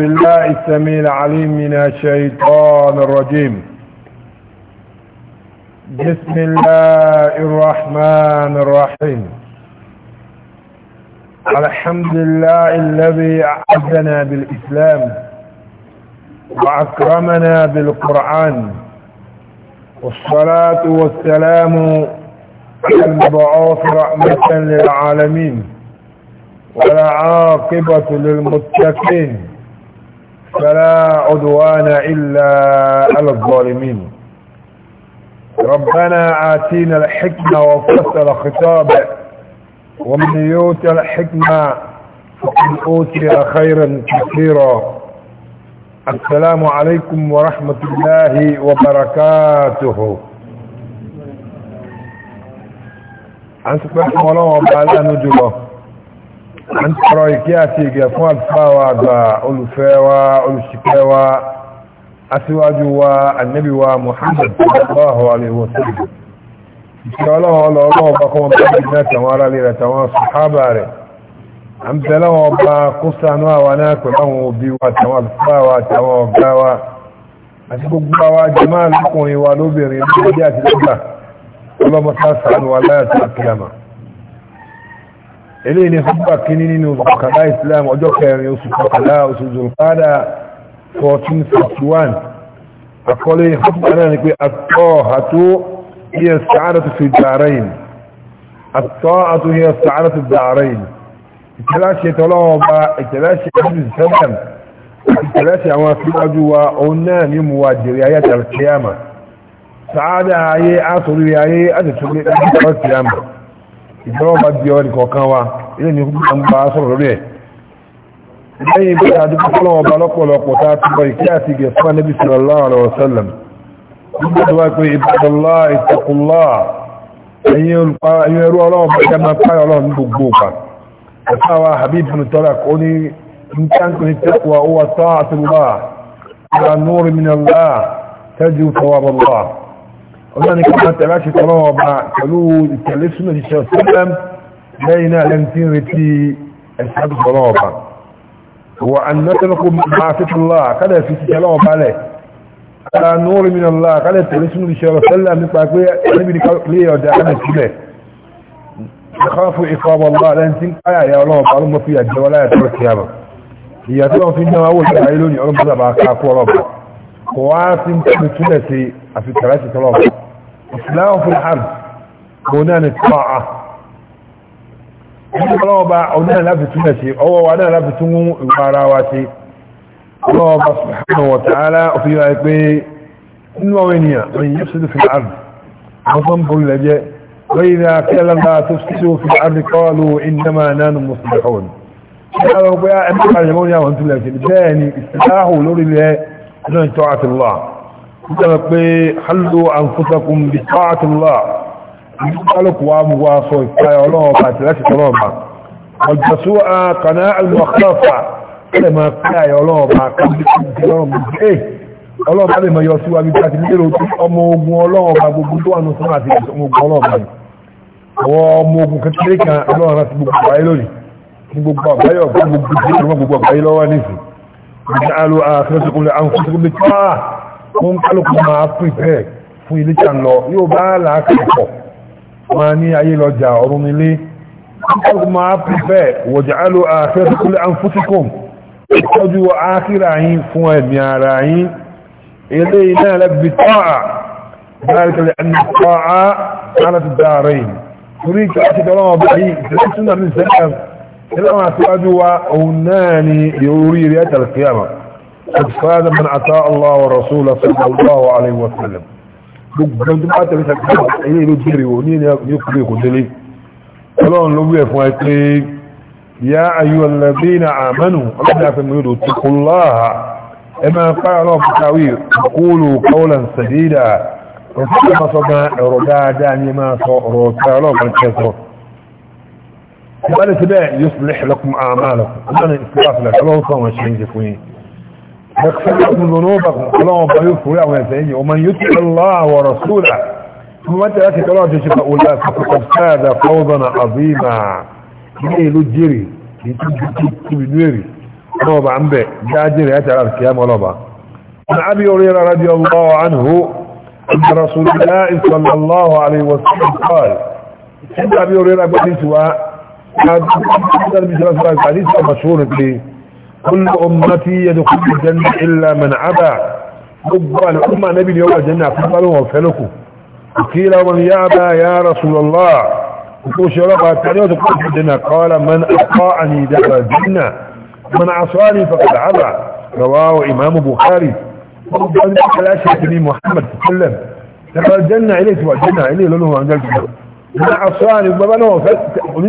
بالله السميع العليم من الشيطان الرجيم بسم الله الرحمن الرحيم الحمد لله الذي أعزنا بالإسلام وأكرمنا بالقرآن والصلاة والسلام المبعوث رحمة للعالمين ولا عاقبة للمتقين فلا عدوان إلا على الظالمين ربنا آتينا الحكمة وفصل خطابه ومن يوت الحكمة فقد أوتي خيرا كثيرا السلام عليكم ورحمة الله وبركاته عن سبحانه الله وبعلا ń tọrọ ìkẹ́ àti ìgẹ̀ fún àgbàwà àgbà olùfẹ́ wa olùṣìpẹ̀ wa aṣíwájú wa annabi wa muhammad sallallahu alaihi wa sallam ìṣẹ́ ọlọ́wọ́ ọlọ́wọ́ ọba kọmọ bẹ́ẹ̀ náà tàwọn ará lè rẹ̀ tàwọn sàhábà rẹ̀ à ń bẹ lọ́wọ́ ọba kó ṣàánú àwa náà pẹ̀lú àwọn òbí wa tàwọn àlùfáà wa tàwọn ọ̀gá wa ilé ni hubba kìíní nínú kàdá islam ọjọ́ kẹrin oṣù kọkànlá oṣù zulfada 1441 àkọlé hubba náà ni pé àtọ́hàtó iya sàáràtù fi dàárẹ́yìn àtọ́hàtó iya sàáràtù dàárẹ́yìn ìtẹ́láṣẹ tọ́lọ́wọ́ba ìtẹ́láṣẹ ìlú sẹ́lẹ̀m ìtẹ́láṣẹ àwọn afíwájú wa òun náà ní mu wa jèrè ìgbọ́nà bá di ọ̀rẹ́ kọ̀ọ̀kan wa ilé ní gbogbo àwọn bá sọ̀rọ̀ lórí ẹ̀ lẹ́yìn bí àdúgbò fọ́lọ́wọ́ bá lọ́pọ̀lọpọ̀ tá a ti bọ̀ ìkẹ́ àti ìgẹ̀ fún anábì sallallahu alaihi wasallam nígbà tó wá pé ìbádọ́lá ìtẹ̀kùnlá ẹ̀yìn ẹrú ọlọ́run bá jẹ́mà páyọ̀ ọlọ́run ní gbogbo ọ̀pá ọlọ́ni kí wọ́n tẹ̀lá ṣe tọ́lọ́ ọba pẹ̀lú ìtẹ̀lé súnmọ̀ ìṣẹ́ ọ̀sẹ́lẹ̀m lẹ́yìn náà lẹ́yìn tí ń retí ẹ̀sẹ̀ tọ́lọ́ ọba wọ anátẹ́lẹ́kù máa tẹ́tùlá kálẹ̀ fi ti tẹ́lọ́ ọba lẹ̀ ara nóòrì mìíràn lá kálẹ̀ tẹ̀lé súnmọ̀ ìṣẹ́ ọ̀sẹ́lẹ̀m nípa pé ẹlẹ́bí ni lé ọ̀dà kálẹ̀ sílẹ̀ ìkọ́fù ìkọ́bọ̀lá lẹ́yìn tí ń káyà ya ọlọ́run pa lọ́mọ fi àjẹwọ́ sí ń tẹ̀lé túlẹ̀ sí في ثلاثة طلاب إسلام في الحرب هنان الطاعة طلابة هنان لابتونتي أو وانا لابتون وراواتي الله سبحانه وتعالى وفي ذلك إنما وينيا من يفسد في الأرض وصنب الذي وإذا كلا لا تفسدوا في الأرض قالوا إنما نان مصلحون قالوا بيا أنت قال يا وانتم لا تباني استلاحوا لوري الله أنه انتعات الله nígbà pé hallu anfusakum bi ta'ati Allah ìgbàlùkù wa mú wa sọ ìpáyà ọlọ́wọ́ bá ti láti tọ́lọ́ bá ọjọ́ sú a kàná al-mukhlafa ilẹ̀ máa pẹ́yà ọlọ́wọ́ bá kábí ọlọ́ọ̀bá lè mọ̀ yọ síwájú láti lérò tí ọmọ fún kálùkù máa prepare fún ilé tí a ń lọ yóò bá làákàpọ̀ máa ní ayé lọ́jà ọ̀run nílé kálùkù máa prepare waj'alu akhirata kulli anfusikum ìtọ́jú àkírà yín fún ẹ̀mí ara yín ilé iná lẹ́bí tọ́à dáríkẹ̀lẹ̀ ẹni tọ́à láti dáre yìí torí kí a ti tọ́lọ́ فهذا من عطاء الله ورسوله صلى الله عليه وسلم بجمع إيه؟ يا أيها الذين آمنوا اتقوا الله إما قال الله قولوا قولا سديدا رفض ما صدنا رجادا لما صاروا قالوا الله من كثر يصلح لكم أعمالكم أنا إستغاف لك الله صلى الله عليه وسلم يغفر لكم ذنوبكم اللهم يغفر لهم يتعيني ومن يطع الله ورسوله ثم انت لكي تلوها تشفى أولئك فقد فاز فوضا عظيما إليه لجري يتبنيري نوبة عن جري جاجري على الكيام ونوبة عن أبي هريرة رضي الله عنه أن رسول الله صلى الله عليه وسلم قال عند أبي هريرة قال لي سواء هذا المثال في الحديث مشهور فيه كل امتي يدخل الجنة الا من عبا قبل اما نبي اليوم الجنة قبل وفلكو وقيل من يعبا يا رسول الله قال من اقاعني دخل الجنة من عصاني فقد عبى رواه امام بخاري قبل اقل اشهد لي محمد تكلم دخل الجنة اليه سبع الجنة اليه لونه عن ذلك من عصاني فقد عبا وفلكو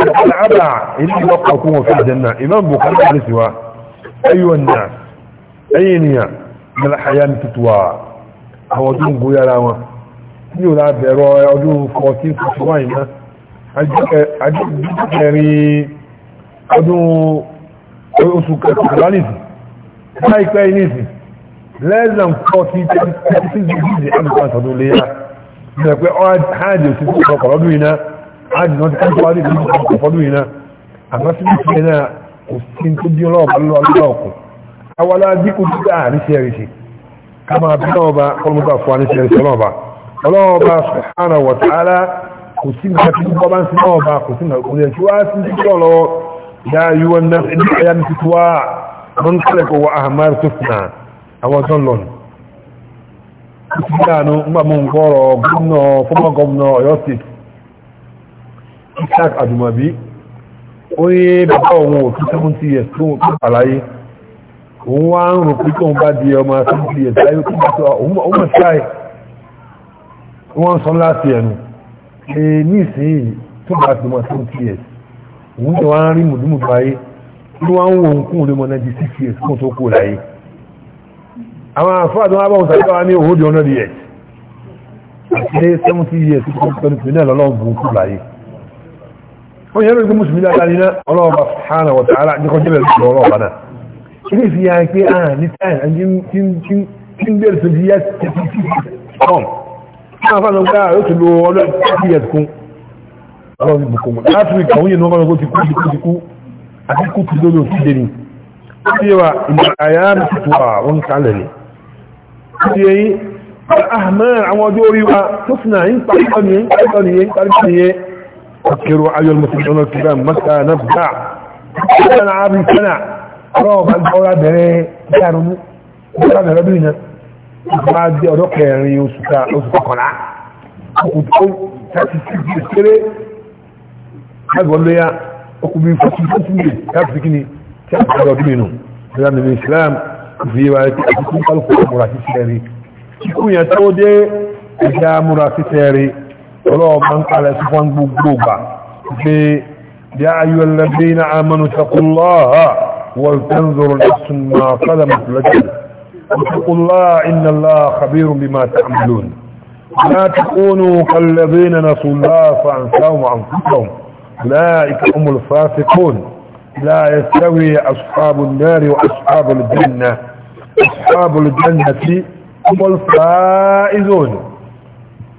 العبع اللي كوم في الجنة إمام بخاري عليه سوا أيها الناس أي نية من الحياة تتوى هو دون قوية لاما يو لا بيرو يعدو فوتين فتوين أجيب جيري أدو أسوك أسوكالانيسي هايكاينيسي لازم فوتين تتسيزي أنا كان صدوليا يقول حاجة وتتوقع ربينا àdìnà tí wọ́n ti fi ọ̀fọ́dún yìí náà àmọ́ sí ìfẹ́ yìí náà kò sí tó dín ọlọ́ọ̀bá lọ́wọ́ ọkọ̀ awọ́lá dínkù tí a rí sí ẹ̀rí sí ká máa bí náà bá kọ́lọ́mọ́tà fún àní sí ẹ̀rí sí ọlọ́ọ̀bá ọlọ́ọ̀bá sùhánà wọ̀tàálá kò sí nǹkan tí wọ́n bá ń sin náà bá kò sí isaac adumabi ó yé bàbá òun ò tún seventy years tó tó àlàyé òun wá ń rò pé tóun bá di ọmọ seventy years láyé kó bá tó òun mọ̀ sáì wọ́n sọ láti ẹnu ṣe ní ìsinyìí tó bá ti mọ̀ seventy years òun tó wá ń rí mùdúmùdú ayé ní wọ́n ń wo òun kún un lé mọ́ ninety six years kó tó kú láyé àwọn àfáà tó wá bá òun sàgbà wá ní òun di hundred years àti seventy years tó kú láyé wọ́n yẹ́rọ ìgbé mùsùlùmí dáadáa níná ọlọ́ọ̀bá sàánà wọ̀ta ara jẹ́kọjẹ́ bẹ̀rẹ̀ ọlọ́ọ̀bá náà ilé fi ya pé a ah, ní táyà tí ń bẹ̀rẹ̀ tó di yá tẹ̀tí sí ọ̀m tí wọ́n fánà gbá yóò ti lo ọlọ́ tí yẹ kún ọlọ́ọ̀bí bùkún mu láti rí kàwọn yẹn lọ́wọ́ ti kú ti kú àti kú ti lórí òtí dẹni ó ti yẹ wa ìmọ̀ àyà ń tutù à wọ́n kálẹ̀ ni ó ti yẹ yín ahmed àwọn ọjọ́ orí wa tó fi náà ń parí kọ́ nìyẹn ń parí kọ́ nìyẹn ń parí kọ́ nìyẹn فكروا أيها المسلمون الكرام متى نبدع كان عابي سنع رغم أن قولا بني كانوا كان ربينا بعد أدوك يعني وسكا وسكا قنع وتقول تأتي تسكري هذا والله يا أكو بي فتي فتي تأتيكني تأتي ربينا سلام من الإسلام في وعيك أتكون قلقوا مراتي سيري يكون يتعود إذا مراتي سيري ولومن قال سفان بغروبا في يا ايها الذين امنوا اتقوا الله وانظروا نفس ما قدمت لكم اتقوا الله ان الله خبير بما تعملون لا تكونوا كالذين نسوا الله فانساهم انفسهم اولئك هم الفاسقون لا يستوي اصحاب النار واصحاب الجنه اصحاب الجنه هم الفائزون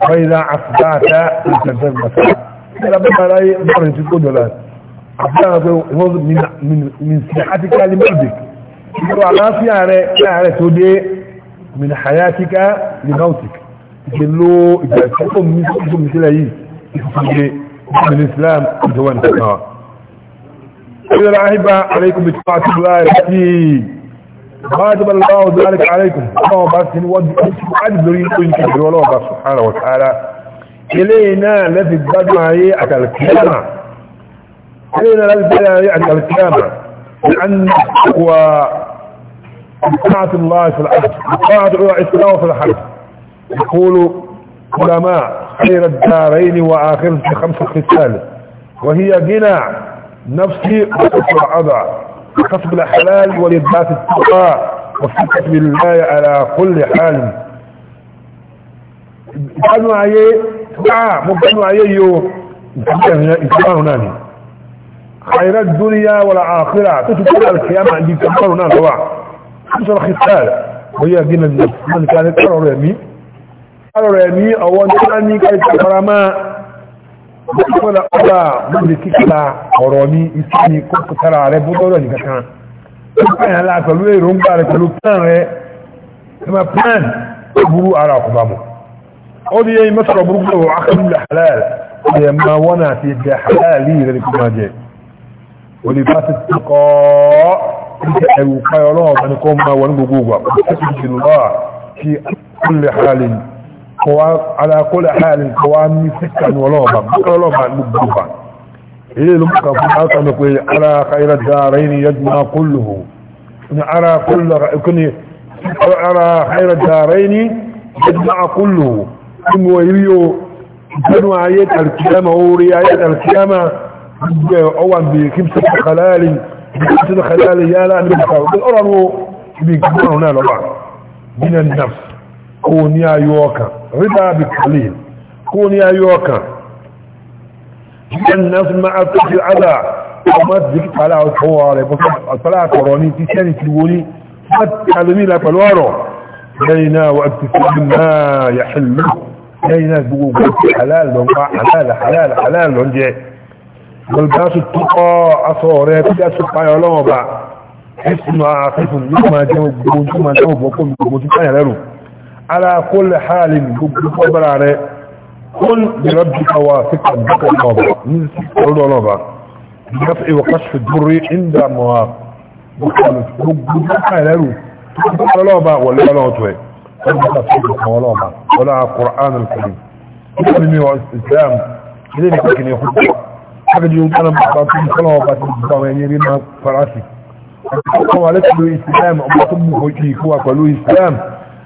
فإذا أثبات تثبت إلى بما لا يقدر تقول له أثبات من من من صحتك لمرضك يقول على في عرى عرى تودي من حياتك لموتك يقولوا إذا كنتم مثلكم مثل أي من الإسلام دوان تقوى إذا الأحبة عليكم بتقاة الله التي غاضب الله ذلك عليكم الله بس الوجب لوري كل كبير والله سبحانه وتعالى إلينا الذي بدنا معي أكل إيه؟ الكلامة إلينا الذي بدنا عليه أكل الكلامة لأن هو طاعة الله في الأرض طاعة الله في الحرب يقول علماء خير الدارين وآخر في خمسة خسال وهي جنى نفسي وكفر أضع لخصب الحلال ولباس التقاء وفكة لله على كل حال بانو عيه دعا مبانو عيه يو انتبه آية هنا آية خير الدنيا والآخرة تتكلم على الكيامة عندي كمان هنا لواء خمسة الخصال وهي دينا من كانت أرى رامي أرى رامي أولا تلاني كانت أرى رامي mọ́kànlá ọlá mọ́lẹ̀ kíkà ọ̀rọ̀ ní iṣẹ́ ni kó kòtara rẹ bọ́dọ̀rọ̀ nìkan kan ọ̀pẹ̀yàn láà pẹ̀lú èròǹgbà rẹ pẹ̀lú plan rẹ ẹmà plan burú ara ọkọ̀bà mọ̀ ó ní yẹn mọ́sọ̀rọ̀ burúkú lọ́wọ́ akẹ́lẹ̀ halal ẹ̀ ma wọ́n àti ẹ̀dẹ̀ halal yìí rẹ̀ kó máa jẹ olè bá ti على كل حال القوام سكا ولوبا ولوبا مبوبا إلي المكة فأطلق على خير الدارين يجمع كله على كل على خير الدارين يجمع كله ثم ويريو كانوا آيات الكلامة وري آيات الكلامة أولا بكمسة خلال بكمسة خلال يا لا نبقى بالأرى بكمان هنا لبعض من النفس أو يوكا ربا بالقليل كون يا يوكا الناس ما أتجي على وما تذكت على الحوار الصلاة قراني تساني تلوني ما تعلمي لك الوارو لينا وابتسام ما يحل لينا بقول حلال وما حلال حلال حلال ونجي والباس التقى أصوري تجي أسفع يولوبا اسمع خيف يوم ما جاوب يوم ما جاوب وكم يوم ما جاوب على كل حال قل بربك واثقا بك الموضع نزل قلو نوضع بكفء وقشف الدر عند مواقع وقالت قلو ولا نوضع قلو نوضع ولا قرآن الكريم اسلمي الإسلام كذين يمكن يخد حقد يمكن مخاطر صلى الله عليه وسلم يعني يرينا فراسي قلو نوضع لكلو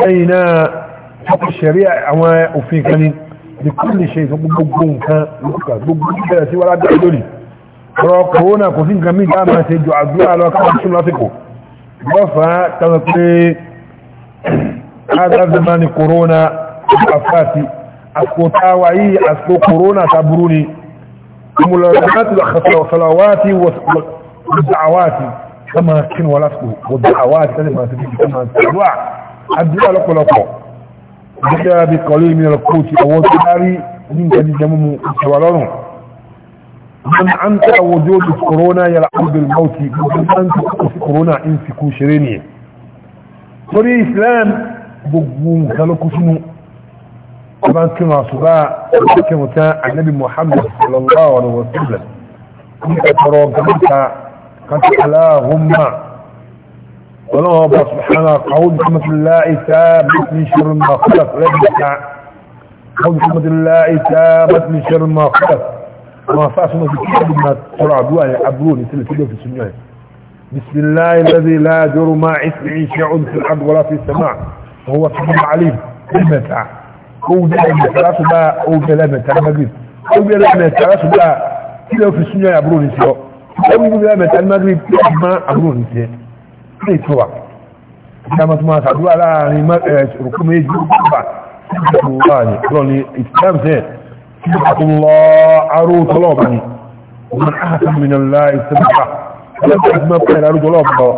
lẹ́yìn náà tọ́kù ṣẹ̀rí àwọn òfin kan ní ní kí lè ṣe ìsọ gbogbo nǹkan lókà gbogbo bẹ̀rẹ̀ sí wọ́n lábẹ́ lónìí ọ̀rọ̀ kòrónà kò sí nǹkan mí dáa máa ṣe ju àdúrà lọ káwọn tún lásìkò lọ́fà tàbí pé ádàzẹ́mà ní kòrónà àfáàtì àsìkò táwa yìí àsìkò kòrónà taburú ni mùlọ̀rọ̀láti máa ṣe àdúrà lọ́pọ̀lọpọ̀ ìjọba bí kọlu mi lọ kóòtù ọwọ́ tó dárí ní nǹkan jíjẹ mímu ìṣẹ̀wà lọ́rùn من أنت وجود كورونا يلعب بالموت من أنت كورونا انسكو شريني torí islam gbogbo nǹkan lókún sínú ọba ń kírun àṣùgbà ìkẹwọ̀ta annabi muhammad sallallahu alaihi kan tí aláhùnmá ولو ọba قول àwọn الله ìta من شر ما kọ́lọ̀t lẹ́bìta àwọn قول ìta الله ṣẹ́rù من شر ما خلق ما kíkọ́ ìgbà tọrọ ترى yẹn عبروني ní sílẹ̀ sílẹ̀ بسم الله الذي لا جر ما اسمه شيء في الارض ولا في السماء وهو السميع العليم المتع قول ده الله بقى هو ده المتع المجلس قول ده المتعاش بقى كده في السنة يا بروني سيو هو ده المتع المجلس ما أبروني سيو ní ìtura ìdámá tó máa sàdúrà láàrin òkú méjì gbà ìgbàgbọ́ láàrin lọ́ni ìsìlámù sẹ́ẹ̀ kí ó kàtó lọ arú tọ́lọ́ọ̀bá ni ومن أحسن من الله السبحة فلما ما بقى الأرض ولا أبقى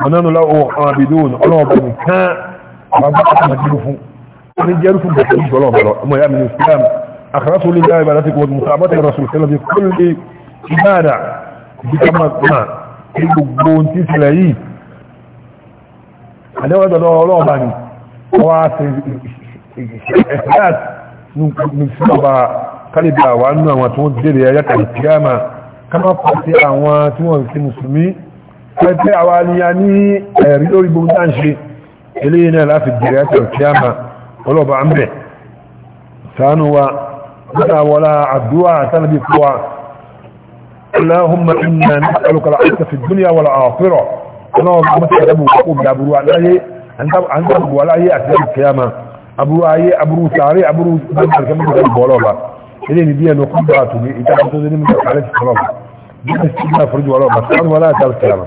ونحن له عابدون ولا أبقى كان ربك مجلوف من جلوف بحيث ولا أبقى أما يا من الإسلام أخرسوا لله بلاتك ومصابة الرسول صلى الله عليه وسلم في كل إبادة بكما ما يبقون تسلعيه àdéhùn ọ̀dọ̀ ọlọ́ọ̀bá ni wọ́n á ti ìṣẹ́yàt ní sílọ́ba kálíbà wà nínú àwọn tó ń dèrè ayáta ìpíyàmà kámá pọ̀ sí àwọn tí wọ́n ti mùsùlùmí pẹ́pẹ́ àwa ni a ní ẹ̀rí lórí gbogbo tá ń ṣe eléyìí náà láti dèrè ayáta ìpíyàmà ọlọ́ọ̀bá ń bẹ̀ sànù wa nígbà في الدنيا والآخرة ọlọ́wọ́ mọ́ sí ẹ̀dẹ́bù kó bí aburú aláyé àǹtàbù aláyé àti ẹ̀dẹ́bù kìyàmà aburú ayé aburú sàárè aburú bọ́ọ̀lọ́ba ilé ni bí ẹnu kúndà àtúgbé ìtàkùn tó dé ní mú